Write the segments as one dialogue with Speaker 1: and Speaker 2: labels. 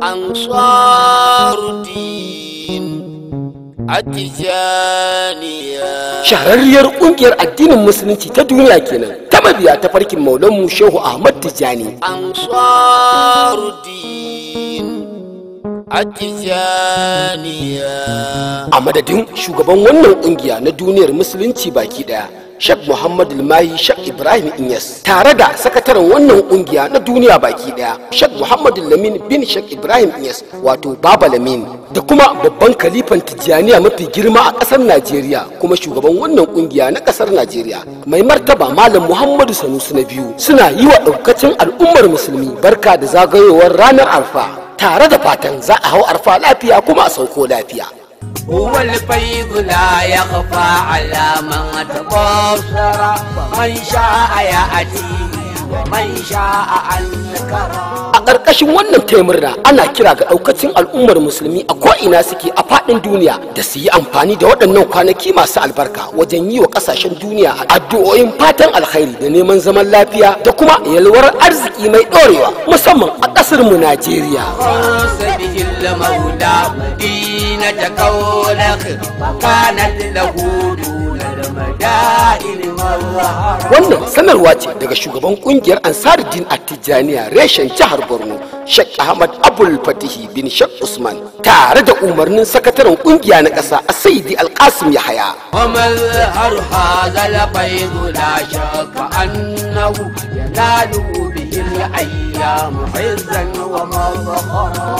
Speaker 1: ansaruddin Atijaniya.
Speaker 2: Shahararriyar ƙungiyar addinin Musulunci ta duniya kenan, ta mabiya ta farkin maulanmu Shehu Ahmad Tijani.
Speaker 1: Ansaruddin
Speaker 2: Atijaniya. A madadin shugaban wannan ƙungiya na duniyar Musulunci baki ɗaya. Sheikh Muhammad Mahi Sheikh Ibrahim Inyas tare da sakataren wannan kungiya na duniya baki daya Sheikh Muhammad Lamin bin Sheikh Ibrahim Inyas wato Baba Lamin da kuma babban kalifan Tijjaniya mafi girma a ƙasar Najeriya kuma shugaban wannan kungiya na ƙasar Najeriya mai martaba Malam Muhammadu Sanusi na biyu suna yi wa ɗaukacin al'ummar musulmi barka da zagayowar ranar Arfa tare da fatan za a hau Arfa lafiya kuma a sauko
Speaker 1: lafiya هو الفيض لا يخفى على من تبصر ومن شاء يأتي ومن شاء
Speaker 2: a ƙarƙashin wannan taimurra ana kira ga ɗaukacin al'ummar musulmi a ko'ina suke a faɗin duniya da su yi amfani da waɗannan kwanaki masu albarka wajen yi wa ƙasashen duniya addu'o'in fatan alkhairi da neman zaman lafiya da kuma yalwar arziki mai ɗorewa musamman a ƙasar mu najeriya
Speaker 1: زينة da وكانت له
Speaker 2: Wannan sanarwa ce daga shugaban kungiyar Ansaruddin tijjaniya reshen jihar Borno, Sheikh Ahmad Abul Fatihi bin Sheikh Usman, tare da umarnin sakataren kungiya na kasa a Saidi Alkasim Yahaya.
Speaker 1: haya har haza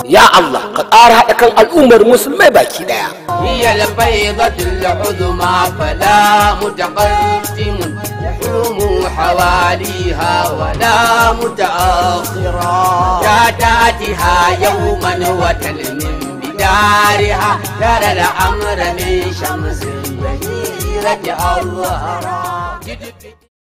Speaker 1: Ya Allah, قارها أكن الأمر مسلمة باكينا هي البيضة العظمى فلا متقدم يحوم حواليها ولا متأخرا يا تاتها يوما وتلم بدارها ترى الأمر من شمس بهيرة الله